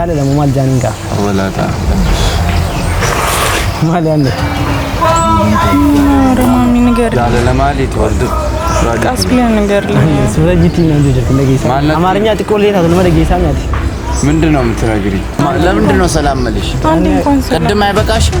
ያለ mo mahal dyan ka. ማል ያለ Mahal ቃስ ስለጂቲ ነው አማርኛ ነው ምንድን ነው የምትነግሪኝ? ለምንድን ነው ሰላም መልሽ? ቅድም አይበቃሽም?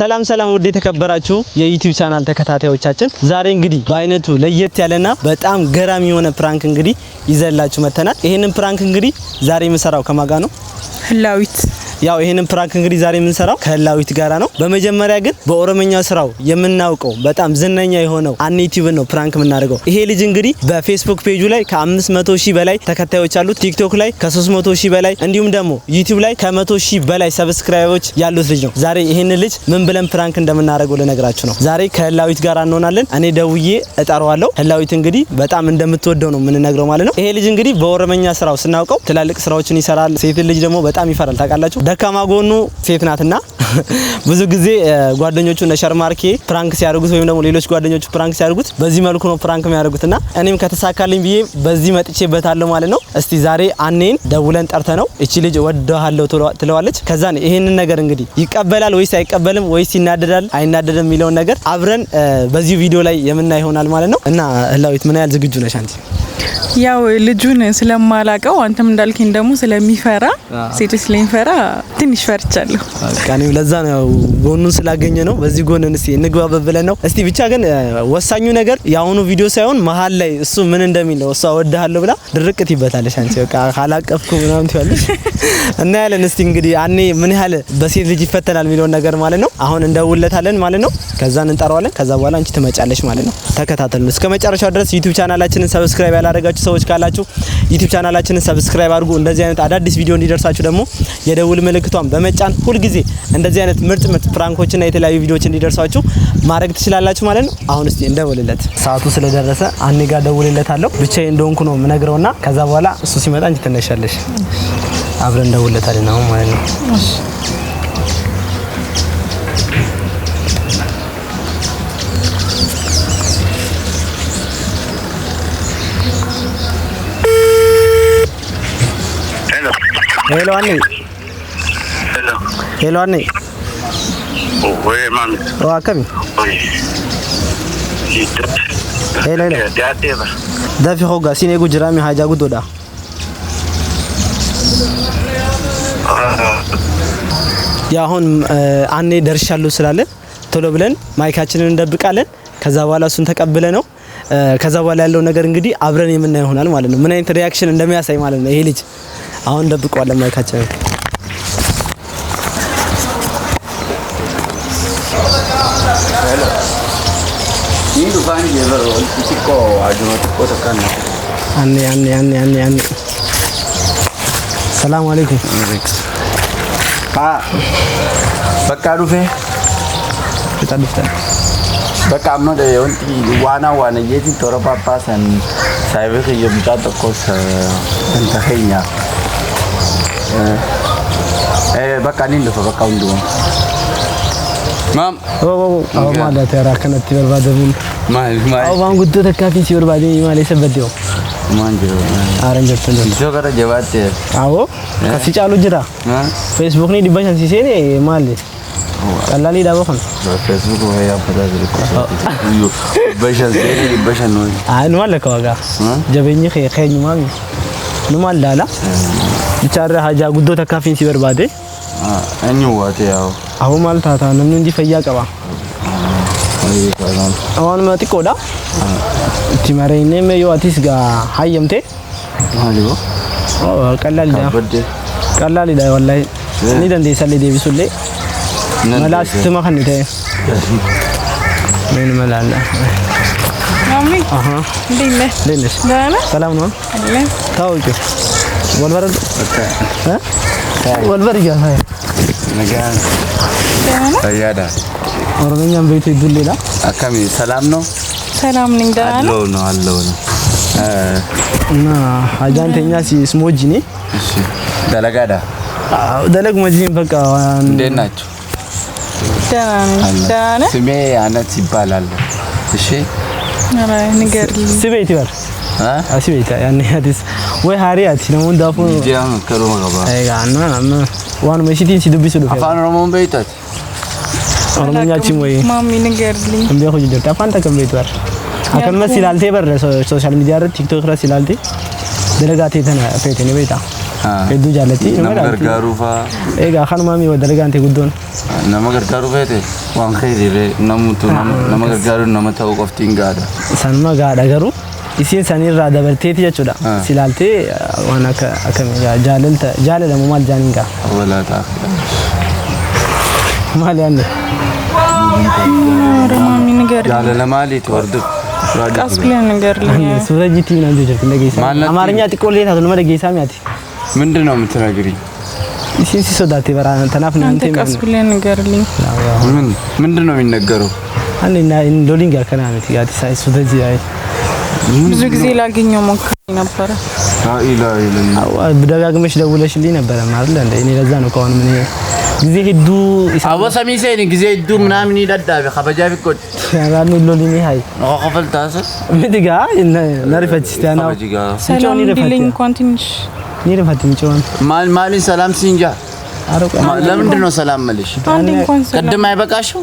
ሰላም ሰላም፣ ውድ የተከበራችሁ የዩቲዩብ ቻናል ተከታታዮቻችን፣ ዛሬ እንግዲህ በአይነቱ ለየት ያለና በጣም ገራሚ የሆነ ፕራንክ እንግዲህ ይዘላችሁ መተናል። ይሄንን ፕራንክ እንግዲህ ዛሬ የምሰራው ከማጋ ነው ህላዊት ያው ይሄንን ፕራንክ እንግዲህ ዛሬ የምንሰራው ከህላዊት ጋራ ነው። በመጀመሪያ ግን በኦሮመኛ ስራው የምናውቀው በጣም ዝነኛ የሆነው አን ዩቲዩብን ነው ፕራንክ የምናደርገው። ይሄ ልጅ እንግዲህ በፌስቡክ ፔጁ ላይ ከ500 ሺህ በላይ ተከታዮች አሉት፣ ቲክቶክ ላይ ከ300 ሺህ በላይ እንዲሁም ደግሞ ዩቲዩብ ላይ ከ100 ሺህ በላይ ሰብስክራይቦች ያሉት ልጅ ነው። ዛሬ ይሄን ልጅ ምን ብለን ፕራንክ እንደምናደርገው ልነግራችሁ ነው። ዛሬ ከህላዊት ጋር እንሆናለን። እኔ ደውዬ እጠራዋለሁ። ህላዊት እንግዲህ በጣም እንደምትወደው ነው የምንነግረው ማለት ነው። ይሄ ልጅ እንግዲህ በኦሮመኛ ስራው ስናውቀው ትላልቅ ስራዎችን ይሰራል። ሴት ልጅ ደግሞ በጣም ይፈራል ታውቃላችሁ። ደካማ ጎኑ ሴት ናትና ብዙ ጊዜ ጓደኞቹ እነ ሸርማርኬ ፕራንክ ሲያደርጉት ወይም ደግሞ ሌሎች ጓደኞቹ ፕራንክ ሲያደርጉት በዚህ መልኩ ነው ፕራንክ የሚያደርጉትና እኔም ከተሳካልኝ ብዬ በዚህ መጥቼበታለሁ ማለት ነው። እስቲ ዛሬ አኔን ደውለን ጠርተ ነው እቺ ልጅ ወደሃለሁ ትለዋለች። ከዛን ይሄንን ነገር እንግዲህ ይቀበላል ወይስ አይቀበልም ወይስ ይናደዳል አይናደድም የሚለውን ነገር አብረን በዚህ ቪዲዮ ላይ የምናይ ይሆናል ማለት ነው እና ህላዊት ምን ያህል ዝግጁ ነሽ አንቺ? ያው ልጁን ስለማላቀው አንተም እንዳልከኝ ደግሞ ስለሚፈራ ሴቶች ስለሚፈራ ትንሽ ፈርቻለሁ። በቃ እኔም ለዛ ነው ጎኑን ስላገኘ ነው። በዚህ ጎን እስቲ እንግባበብ ብለን ነው። እስቲ ብቻ ግን ወሳኙ ነገር የአሁኑ ቪዲዮ ሳይሆን መሀል ላይ እሱ ምን እንደሚል ነው። እሷ እወድሃለሁ ብላ ድርቅ ትይበታለሽ። አንቺ በቃ ካላቀፍኩ ምናምን ትያለሽ እና ያለን እስቲ እንግዲህ አኔ ምን ያህል በሴት ልጅ ይፈተናል የሚለውን ነገር ማለት ነው። አሁን እንደውለታለን ማለት ነው። ከዛን እንጠራዋለን። ከዛ በኋላ አንቺ ትመጫለሽ ማለት ነው። ተከታተሉ እስከ መጨረሻው ድረስ ዩቲዩብ ቻናላችንን ሰብስክራይብ ያላደረጋችሁ ያላችሁ ሰዎች ካላችሁ ዩቲዩብ ቻናላችንን ሰብስክራይብ አድርጉ። እንደዚህ አይነት አዳዲስ ቪዲዮ እንዲደርሳችሁ ደግሞ የደውል ምልክቷን በመጫን ሁልጊዜ እንደዚህ አይነት ምርጥ ምርጥ ፕራንኮችና የተለያዩ ቪዲዮዎች እንዲደርሳችሁ ማድረግ ትችላላችሁ ማለት ነው። አሁን እስቲ እንደውልለት። ሰዓቱ ስለደረሰ አኒ ጋር ደውልለታለሁ። ብቻዬን እንደሆንኩ ነው የምነግረውና ከዛ በኋላ እሱ ሲመጣ እንጂ ትነሻለሽ። አብረን እንደውልለታለን አሁን ማለት ነው። Hello, Annie. Hello. Hello, Annie. Oye, oh, mami. Oh, kami. Ah, hello, hello. Dafi hoga sine gu jirami haja gu doda. አኔ ደርሻለሁ ስላለ ቶሎ ብለን ማይካችንን እንደብቃለን። ከዛ በኋላ እሱን ተቀብለ ነው ከዛ በኋላ ያለው ነገር እንግዲህ አብረን የምናየው ይሆናል ማለት ነው። ምን አይነት ሪያክሽን እንደሚያሳይ ማለት ነው ይሄ ልጅ አሁን ደብቀዋለን ማይካቸው ሰላም አለይኩም። በቃ ዱፌ በቃ አምኖ ዋና ዋና የቲ ቶረፓፓሰን ሳይብህ የብጫ ጠቆስ እንተኸኛ በቃ ሊንደፈ በቃ ወንዱ ማም ኦ ብቻ ሀጃ ጉዶ ተካፊን ሲበርባዴ እኒዋት ያው አሁ ማልታታ ነው እንዲ ፈያ ቀባ አሁን መጥቆዳ እቲ መረይኔ መዮ አቲስ ጋ ሀየምቴ ማሊዮ ቀላል ዳ ቀላል ዳ ወላይ ኒ ደንዴ ሰሌ ዴቢሱሌ መላስ ትመኸን ይተ ምን መላለ ማሚ ሰላም ነው ታውቂ ወንበር ኦሮምኛም ቤት ዱሌላ አካሚ ሰላም ነው። ሰላም ነኝ። ደህና ነው። ነው አለው ነው እና አጃንተኛ ሲስሞጂ ኔ እሺ ደለጋዳ ደለግ መጂን በቃ እንዴት ናችሁ? ደህና ነኝ። ስሜ አነት ይባላል። እሺ ስሜ ይባል አ ስሜ ያኔ አዲስ Voi hariat, ne mun dafu. Dia că român gaba. Ei ga, nu, nu. Oan mai știi și dubi sudu. Afan român beitat. ኦሮሞኛ ቺሞይ ማሚ ንገርልኝ እንዴ ሆይ ደርታ ፋንታ ከመይቷር አከመ ሲላልቴ በረ ሶሻል ሚዲያ ረ ቲክቶክ ረ ሲላልቴ ደረጋቴ ተነ ፈይተኔ በይታ እዱ ጃለቲ ነመርጋሩፋ ኤጋ ኻን ማሚ ወደረጋንቴ ጉዶን ነመርጋሩ ፈይቴ ዋን ኸይሪ ነሙቱ ነመርጋሩ ነመታው ቆፍቲን ጋዳ ሰንማ ጋዳ ገሩ isiin sanirraa dabarteeti jechuudha. Silaaltee waan akka akkamii jaalalta jaalalamu maal jaaniin qaba. Walaataa. Maal yaadne? Jaalala maaliiti horduf? Qas bileen nigarlee. Suura jitii naan jirtu dhageessaa. Amaariyaa xiqqoo illee taatu nama dhageessaa mi'aati. ምንድን ነው የምትነግሪኝ? እሺ ሲሶዳቴ በራ ተናፍ ነው እንትን ቀስ ብለህ ንገርልኝ። ምን ምንድን ነው የሚነገረው? አንዴ እና ሎሊንግ ከና ነው ትያት ሳይ ሱደጂ አይ ብዙ ጊዜ ላገኘው ሞክሬ ነበረ። ደጋግመሽ ደውለሽልኝ ነበረ ማለት እንደ እኔ ለዛ ነው ከሆነ ምን ጊዜ ሂዱ አቦ ነኝ ጊዜ ሂዱ ምናምን ይዳዳብ ከበጃብ ኮት ያራኑ ሎሊኒ ሃይ ነው ከፈል ታሰ ምድጋ ነርፈት ስታና ሰላም ዲልኝ ኮንቲኒሽ ኒርፈት ምጮን ማል ማል ሰላም ሲንጃ ለምንድን ነው ሰላም መልሽ? ቅድም አይበቃሽም?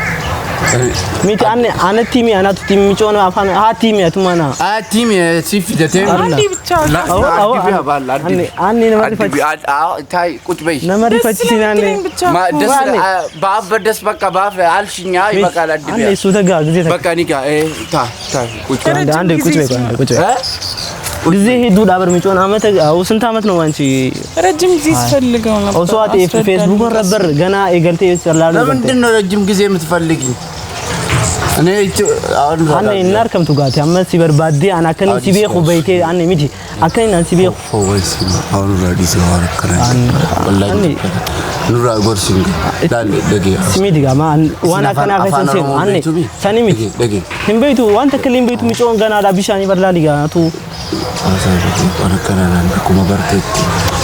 miti anne anatimi anatimi michona hapana hatimi atumana hatimi sifi datem hadi bicha au au ane ane na marifati ታይ ቁጭ በይ na marifati sinane ማ ደስ በአፍ በደስ በቃ በአፍ አልሽኛ ane አዲያ አንዴ እሱ ተጋ ጊዜ ተጋ በቃ ኒጋ ታ ታ ane ane ቁጭ በይ ane ቁጭ በይ ጊዜ ሄዱ ዳብር ምጮን አመት አው ስንት አመት ነው አንቺ? ረጅም ጊዜ ስፈልገው ነበር። ፌስቡክ ነበር ገና የገልቴ ይሰላል። ለምንድን ነው ረጅም ጊዜ የምትፈልጊ? እኔ እቺ አሁን አንኔ እናር ከምቱ ጋር ያመ ሲበር ባዲ አናከኒ ሲቤኹ በይቴ አንኔ ሚጂ አከኒ ናን ሲቤኹ ወይስ አሁን ራዲ ሲዋር ከራይ አንኔ ኑራ ጎርሲን ዳል ደጌ ሲሚዲ ጋማ ዋና ከና ከሰን ሴ አንኔ ሰኒ ሚጂ ደጌ ህምቤቱ ዋንተ ከሊም ቤቱ ሚጮን ገና ዳቢሻኒ በርላሊ ጋቱ አሳሪ አረከና ናን ኩማ በርቴት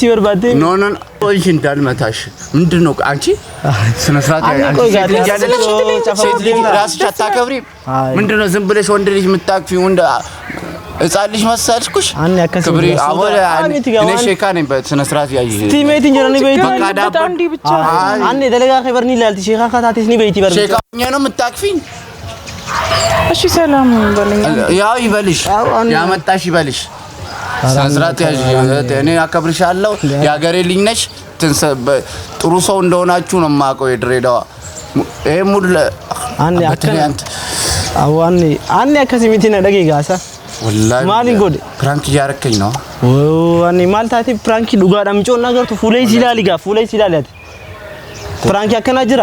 ሲወር ባቴ ኖ ኖ ቆይ እንዳልመታሽ ምንድን ነው አንቺ ስነ ስርዓት ሴት ልጅ ራስሽ አታከብሪም ምንድን ነው ዝም ብለሽ ወንድ ልጅ የምታቅፊው እንደ ህጻን ልጅ መሰልኩሽ ክብሪ አወለ እኔ ሼካ ነኝ በስነ ስርዓት ያይ ቲሜት እንጀራ ነኝ በይቲ በቃ እንዲ ብቻ አንዴ ደለጋ ኸይበር ነኝ ላልቲ ሼካ ካታቴስ ነኝ በይቲ በር ሼካ ነው የምታቅፊኝ እሺ ሰላም በለኝ ያው ይበልሽ ያመጣሽ ይበልሽ ስነስርዓት ያዥ። እኔ አከብርሻለሁ። የሀገሬ ልጅ ነሽ። ጥሩ ሰው እንደሆናችሁ ነው የማውቀው። የድሬዳዋ ይህ ሙድ አኔ አከሲሚቲነ ደቂቃሳ ማሊ ፕራንክ እያረከኝ ነው ማልታቲ ፕራንክ ዱጋዳ ሲላሊ ጋ ሲላሊ አት ፕራንክ ያከና ጅራ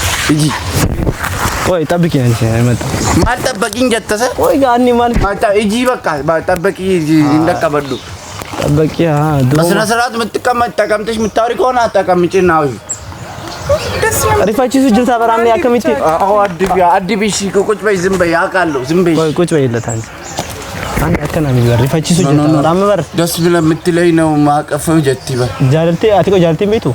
እጂ ወይ ጠብቂ አንቺ አይመጣ ማልጠበቂኝ ጀተሰ ወይ ያኔ ማለት ማጣ እጂ በቃ ጠበቂ እንደቀበሉ ጠበቂ አ በስነ ስርዓት የምትቀመጥ ተቀምጠሽ የምታወሪ ከሆነ አጠቀምጪና አውሪ ሪፋቺሱ ጅብታ በራም ያከምጪ አዎ አድቢ አድቢ እሺ ቁጭ በይ ዝም በይ አውቃለሁ ዝም በይ ቆይ ቁጭ በይለት አንቺ ደስ ብለህ የምትለኝ ነው ማቀፈው ጀቲበ ጃለቴ አትቆ ጃለቴ ቤቱ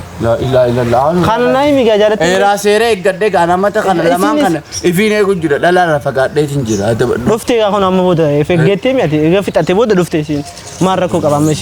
ከናይሚ ጋ ጃለቴ ራሴሬ ይገዴ ጋናመተ ከነ ለማን ከነ ኢፊኔ ጉጅ ደላላ ፈጋዴት እንጂ ዱፍቴ አሁን አመቦደ ኤፌ ጌቴ ሚያቴ ገፊጣቴ ቦደ ዱፍቴ ሲን ማረኮ ቀባመሺ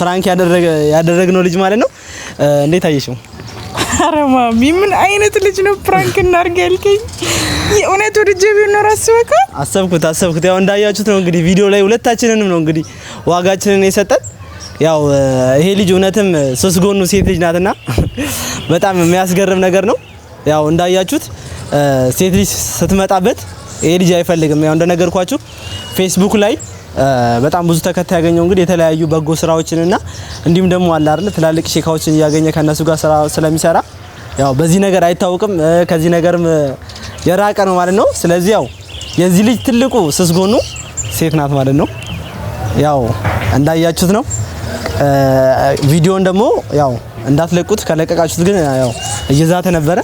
ፍራንክ ያደረግነው ልጅ ማለት ነው። እንዴት አየሽው? አረ ማሚ ምን አይነት ልጅ ነው ፕራንክ እናድርግ ያልከኝ? የእውነት ወደ ጀብ ይኖር አስበካ አሰብኩት አሰብኩት። ያው እንዳያችሁት ነው እንግዲህ ቪዲዮ ላይ ሁለታችንንም ነው እንግዲህ ዋጋችንን የሰጠን። ያው ይሄ ልጅ እውነትም ሶስት ጎኑ ሴት ልጅ ናትና በጣም የሚያስገርም ነገር ነው። ያው እንዳያችሁት ሴት ልጅ ስትመጣበት ይሄ ልጅ አይፈልግም። ያው እንደነገርኳችሁ ፌስቡክ ላይ በጣም ብዙ ተከታይ ያገኘው እንግዲህ የተለያዩ በጎ ስራዎችንና እንዲሁም ደግሞ አለ አይደል ትላልቅ ሼካዎችን እያገኘ ከነሱ ጋር ስራ ስለሚሰራ ያው በዚህ ነገር አይታወቅም፣ ከዚህ ነገርም የራቀ ነው ማለት ነው። ስለዚህ ያው የዚህ ልጅ ትልቁ ስስጎኑ ሴት ናት ማለት ነው። ያው እንዳያችሁት ነው። ቪዲዮን ደግሞ ያው እንዳትለቁት፣ ከለቀቃችሁት ግን ያው እየዛተ ነበረ።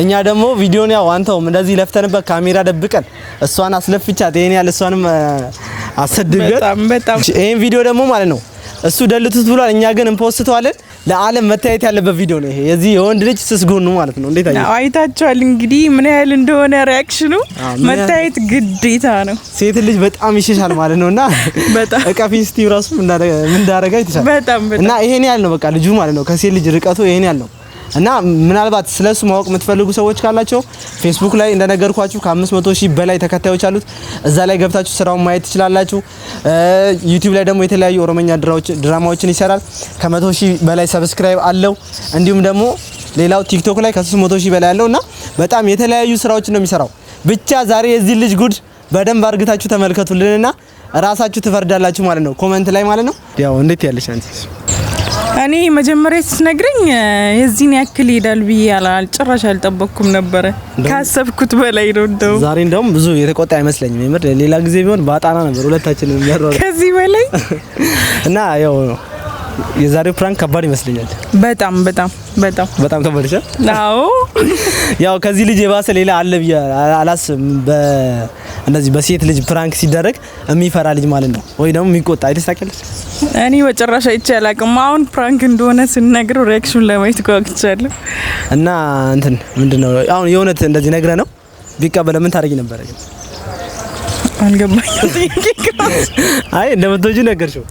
እኛ ደግሞ ቪዲዮን ያው አንተውም እንደዚህ ለፍተንበት ካሜራ ደብቀን እሷን አስለፍቻት ይሄን ያህል እሷንም አሰድብገት ቪዲዮ ደግሞ ማለት ነው እሱ ደልቱት ብሏል። እኛ ግን እንፖስተዋለን። ለዓለም መታየት ያለበት ቪዲዮ ነው ይሄ። የዚህ የወንድ ልጅ ስስጎኑ ማለት ነው። እንዴት አየህ? አይታችኋል እንግዲህ ምን ያህል እንደሆነ ሪያክሽኑ መታየት ግዴታ ነው። ሴት ልጅ በጣም ይሸሻል ማለት ነውና በጣም ራሱ ምን ይተሻል በጣም እና ይሄን ያህል ነው በቃ ልጁ ማለት ነው። ከሴት ልጅ ርቀቱ ይሄን ያህል ነው። እና ምናልባት ስለሱ ማወቅ የምትፈልጉ ሰዎች ካላቸው ፌስቡክ ላይ እንደነገርኳችሁ ከ መቶ ሺህ በላይ ተከታዮች አሉት። እዛ ላይ ገብታችሁ ስራውን ማየት ትችላላችሁ። ዩቲዩብ ላይ ደግሞ የተለያዩ ኦሮመኛ ድራማዎችን ይሰራል። ከ100 ሺህ በላይ ሰብስክራይብ አለው። እንዲሁም ደግሞ ሌላው ቲክቶክ ላይ ከ300 ሺህ በላይ አለው እና በጣም የተለያዩ ስራዎችን ነው የሚሰራው። ብቻ ዛሬ የዚህ ልጅ ጉድ በደንብ አርግታችሁ ተመልከቱልንና ራሳችሁ ትፈርዳላችሁ ማለት ነው፣ ኮመንት ላይ ማለት ነው። ያው እንዴት ያለሽ አንቺ እኔ መጀመሪያ ስትነግረኝ የዚህን ያክል ይሄዳል ብዬ ጭራሽ አልጠበቅኩም ነበረ። ካሰብኩት በላይ ነው። እንደው ዛሬ እንደውም ብዙ የተቆጣ አይመስለኝም። የምር ሌላ ጊዜ ቢሆን በአጣና ነበር ሁለታችን የሚያሯሩ ከዚህ በላይ እና ያው የዛሬው ፕራንክ ከባድ ይመስለኛል። በጣም በጣም በጣም በጣም ከባድ ይችላል። አዎ ያው ከዚህ ልጅ የባሰ ሌላ አለ ብዬ አላስብም በ እንደዚህ በሴት ልጅ ፕራንክ ሲደረግ የሚፈራ ልጅ ማለት ነው፣ ወይ ደግሞ የሚቆጣ አይደል? ታውቂያለሽ? እኔ በጭራሽ አይቼ አላውቅም። አሁን ፕራንክ እንደሆነ ስነግረው ሪያክሽን ለማየት ጓጉቻለሁ። እና እንትን ምንድነው አሁን የእውነት እንደዚህ ነግረ ነው ቢቀበለ ምን ታደርጊ ነበረ? ግን አልገባኝም። አይ እንደምትወጂው ነገርሽው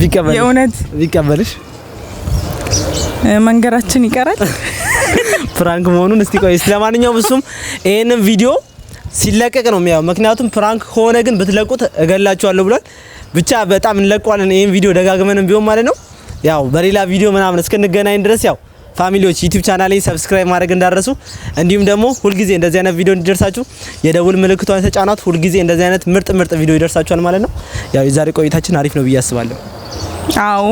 ቢቀበል የእውነት ቢቀበልሽ መንገራችን ይቀራል ፕራንክ መሆኑን እስቲ ቆይ። ስለማንኛውም እሱም ይሄንን ቪዲዮ ሲለቀቅ ነው የሚያው። ምክንያቱም ፕራንክ ከሆነ ግን ብትለቁት እገላችኋለሁ ብሏል። ብቻ በጣም እንለቀዋለን ይሄን ቪዲዮ ደጋግመንም ቢሆን ማለት ነው። ያው በሌላ ቪዲዮ ምናምን እስክንገናኝ ድረስ ያው ፋሚሊዎች ዩቲዩብ ቻናሌን ሰብስክራይብ ማድረግ እንዳረሱ፣ እንዲሁም ደግሞ ሁልጊዜ እንደዚህ አይነት ቪዲዮ እንዲደርሳችሁ የደውል ምልክቷን ተጫኗት። ሁልጊዜ እንደዚህ አይነት ምርጥ ምርጥ ቪዲዮ ይደርሳችኋል ማለት ነው። ያው የዛሬ ቆይታችን አሪፍ ነው ብዬ አስባለሁ። አዎ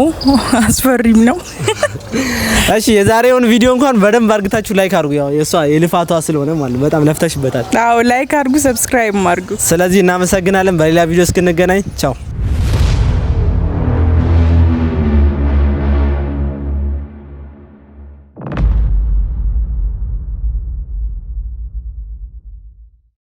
አስፈሪም ነው። እሺ የዛሬውን ቪዲዮ እንኳን በደንብ አርግታችሁ ላይክ አርጉ። ያው የሷ የልፋቷ ስለሆነ ማለት በጣም ለፍተሽበታል። አዎ ላይክ አርጉ፣ ሰብስክራይብ አርጉ። ስለዚህ እናመሰግናለን። በሌላ ቪዲዮ እስክንገናኝ ቻው።